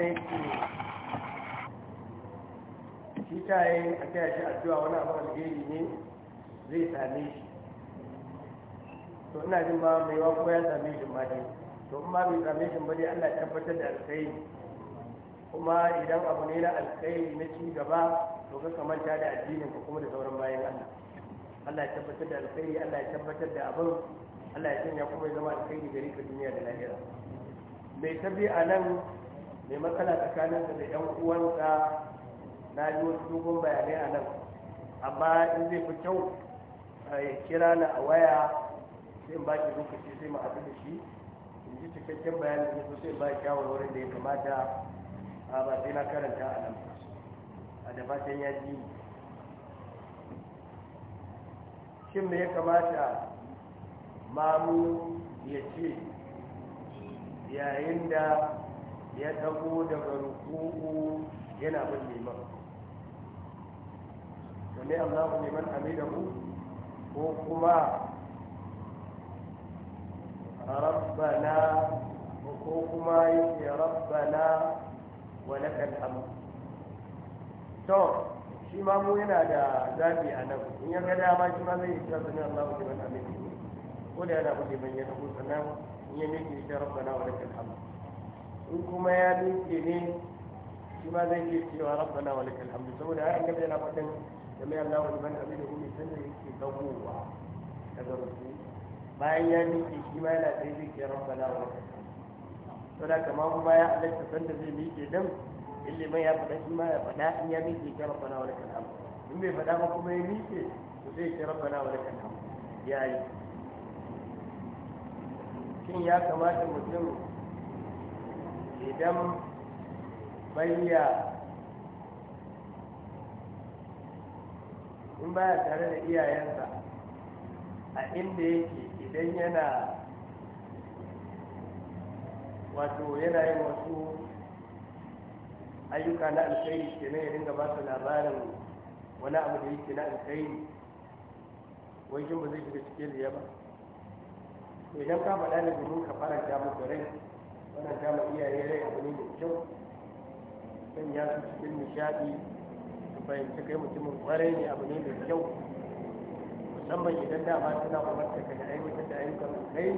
wanda yake shi taye a taya shi addu'a wani abu alheri ne zai same shi to ina jin ba mai wa kuma ya same shi ma dai to in ma bai same shi ba dai Allah ya tabbatar da alkhairi kuma idan abu ne na alkhairi na ci gaba to ka kamanta da addinin ka kuma da sauran bayan Allah Allah ya tabbatar da alkhairi Allah ya tabbatar da abin Allah ya sanya kuma ya zama alkhairi gari ka duniya da lahira mai tabi a nan mai matsala tsakaninsa da yan uwansa na yi wasu dogon bayanai a nan amma in zai fi kyau ya kira na a waya sai in ba lokaci sai mu da shi in ji cikakken bayanin da sai ba shawarwarin da ya kamata a ba sai na karanta a nan a da fatan ya ji shin me ya kamata mamu ya ce yayin da ya dago daga ruku'u yana bin liman ne allahu liman hamidahu ko kuma rabbana ko kuma yake rabbana wa lakal hamd to shi ma mu yana da zabi a nan in ya ga dama shi ma zai yi cewa sami allahu liman hamidahu ko da yana bin liman ya dago sannan in ya miƙe shi rabbana wa lakal hamd in kuma ya miƙe ne shi ma zai ke cewa rabbana wa lakal hamdu saboda ya annabi yana da wani sami abin liman kuma umi sanda yake dagowa daga ruku bayan ya miƙe shi ma yana tsaye zai ke rabbana wa lakal hamdu saboda kamar kuma ya halatta sanda zai miƙe din in liman ya faɗa shi ma ya faɗa in ya miƙe ke rabbana wa lakal hamdu in bai faɗa ba kuma ya miƙe to zai ce rabbana wa lakal hamdu ya yi shin ya kamata mutum idan bayya in baya tare da iyayensa a inda yake idan yana wato yana yin wasu ayyuka na alkhairi ke ya yadda gaba su labarin wani abu da yake na alkhairi wajen ba zai shiga cikin riya ba idan ka faɗa da domin ka faranta da rai faranta ma iyaye rai abu ne mai kyau sun ya su cikin nishadi su fahimci kai mutumin kwarai ne abu ne mai kyau musamman idan dama suna umarta ka da aiwatar da ayyukan kai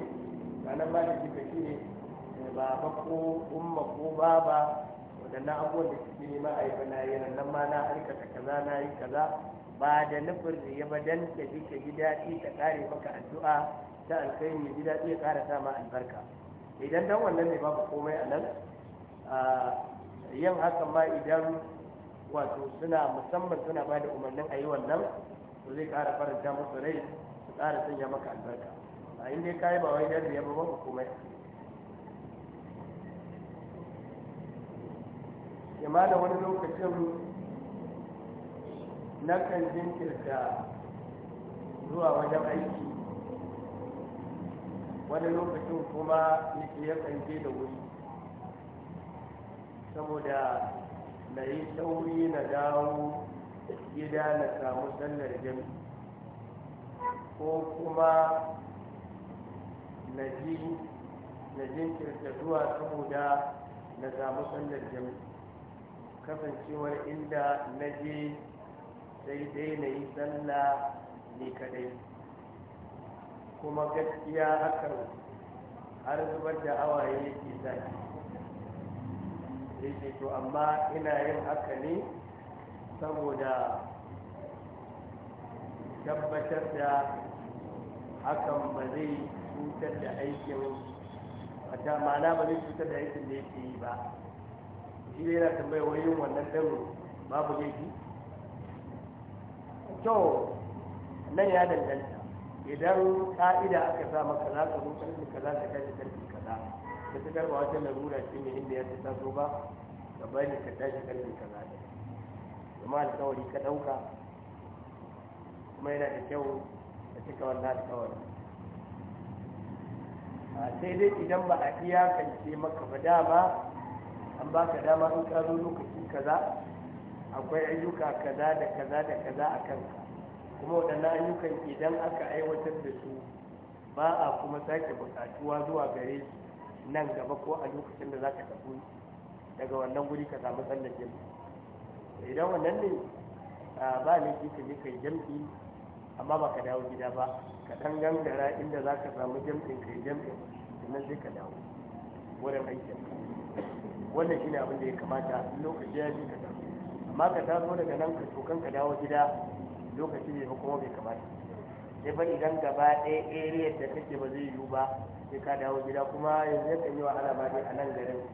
ranar ba da jika shi ne eh, baba ko umma ko baba waɗannan abubuwan da suke nema a yi bana yi nan ma na aikata kaza na yi kaza ba da nufin da ba dan ka jika ka ji daɗi ka maka addu'a ta alkhairi gida daɗi ya ƙara sa ma albarka idan dan wannan ne babu komai a nan yin hakan ma idan wato suna musamman suna ba da umarnin a yi wannan to zai kara faranta musu rai su kara sanya maka albarka a inda ka yi ba wai yadda ya ba komai yamma da wani lokacin na kan jinkirta zuwa wajen aiki wani lokacin kuma ya kanje da wuri saboda na yi sauri na dawo gida na samu sallar jami ko kuma na ji na zuwa saboda na samu sallar jami kasancewar inda na je sai dai na yi sallah ne kadai kuma gaskiya hakan har zubar da awaye yake zaki yake to amma ina yin haka ne saboda tabbatar da hakan ba zai cutar da aikin wata ma'ana ba zai cutar da aikin da yake yi ba shi ne yana tambaya wani yin wannan ɗin babu shi? to nan ya danganta idan ka'ida aka sa maka za ka zo karfi kaza ka tashi karfi kaza ka ta karba wata larura shi ne inda ya ta so ba ka bari ka tashi karfi kaza da kuma alkawari ka ɗauka kuma yana da kyau ka cika wannan alkawari sai dai idan ba a kan ce maka ba dama an ba ka dama in ka zo lokaci kaza akwai ayyuka kaza da kaza da kaza a kanka kuma waɗannan ayyukan idan aka aiwatar da su ba a kuma sake buƙatuwa zuwa gare nan gaba ko a lokacin da za ka tafi daga wannan guri ka samu tsallakin idan wannan ne ba laifi ka je kai jam'i amma ba ka dawo gida ba ka ɗan gangara inda za ka samu jami kai jam'in sannan sai ka dawo wurin aikin wannan shine abin da ya kamata lokaci ya ji ka tafi amma ka taso daga nan ka tokan ka dawo gida lokaci ne ba kuma bai kamata sai ba idan gaba ɗaya area da kake ba zai yiwu ba sai ka dawo gida kuma yanzu ya kan yi wahala ba dai a nan garin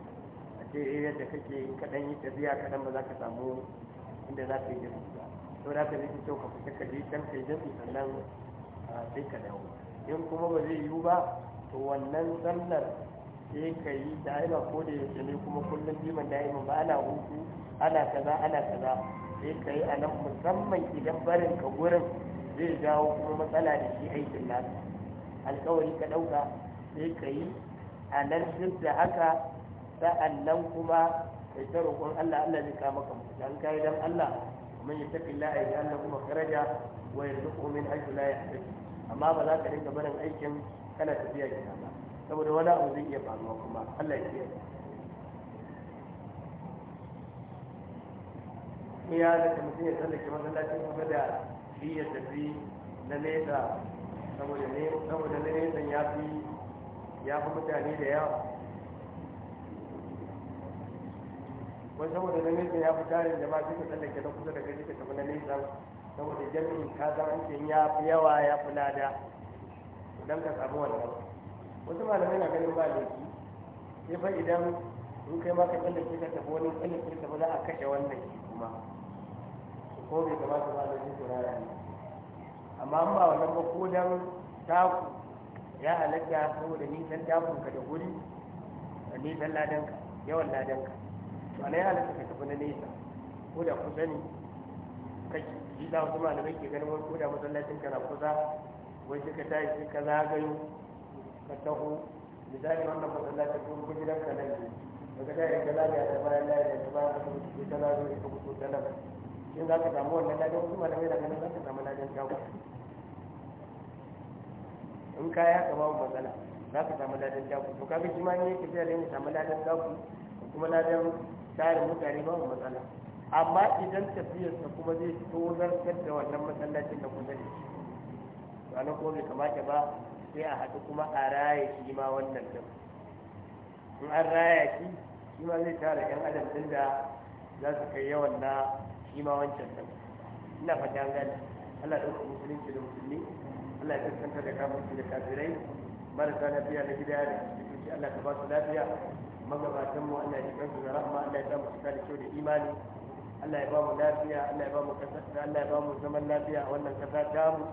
a ce area da kake in ka ɗan yi tafiya kaɗan ba za ka samu inda za ka yi jami'i ba to da ka yi fi kyau ka fita ka je can kai jami'i sannan sai ka dawo in kuma ba zai yiwu ba to wannan sallar sai ka yi da da'ima ko da yaushe ne kuma kullum biman da'iman ba ana hutu ana kaza ana kaza sai ka yi a nan musamman idan barin ka gurin zai jawo kuma matsala da shi aikin nasa alkawari ka ɗauka sai ka yi a nan duk da haka sa'an nan kuma kai ta roƙon Allah Allah zai kama ka dan kai dan Allah ya tafi Allah da Allah kuma kharaja wa yarzuqhu min haythu la yahtasib amma ba za ka rinka barin aikin kana tafiya gida ba saboda wani abu zai iya faruwa kuma Allah ya kiyaye ya da mutum ya tsallake masallacin kuma da shi ya tafi na nesa saboda na nesa ya fi ya fi mutane da yawa wani saboda na nesa ya fi tarin da ma suka tsallake na kusa da gari ka tafi na nesa saboda jami'in ka san an ya fi yawa ya fi lada don ka samu wannan wasu malamai na ganin ba laifi sai fa idan in kai ma ka tsallake ka tafi wani tsallake ka tafi za a kashe wannan kuma ko bai kamata ba da shi turara ne amma an ba wannan ba ko dan taku ya halatta saboda ni dan takun da guri ni dan ladan yawan ladan to ana ya halatta ka tafi na nesa ko da kusa ne kake shi da wasu malamai ke ganin wani ko da masallacin ka na kusa wai suka tashi sai ka zagayo ka taho misali wannan masallacin ko ko gidan ka nan ne daga da ya ga zagaya ta bayan lafiya ta bayan ka mutu ta zagayo ka mutu ta nan in za ka samu wannan ladan wasu malamai da ganin za ka samu ladan shago in ka ya kama wa matsala za ka samu ladan shago to kafin shi ma ke fiye da yin samu ladan shago kuma ladan tarin mutane babu matsala amma idan tafiyarsa kuma zai tozartar da wannan masallacin da kusa da shi ranar ko bai kamata ba sai a haɗu kuma a raya shi ma wannan din in an raya shi shi ma zai tara yan adam din da za su kai yawan na shi ma wancan ɗin ina fata an Allah ɗauka musulunci da musulmi Allah ya kaskanta da kafirci da kafirai marasa lafiya na gida da asibitoci Allah ka ba su lafiya magabatan mu Allah ya kansu da rahma Allah ya sa mu cika da kyau da imani Allah ya ba mu lafiya Allah ya ba mu kasar Allah ya ba mu zaman lafiya a wannan kasa ta mu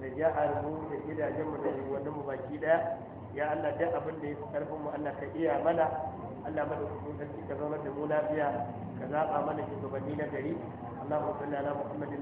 da jihar mu da gidajen mu da wannan mu baki daya ya Allah duk abin da ya fi karfin mu Allah ka iya mana Allah madaukakin sarki ka zama da mu lafiya Ka zaɓa mana shi gabanni na gari Allah ku salli ala Muhammad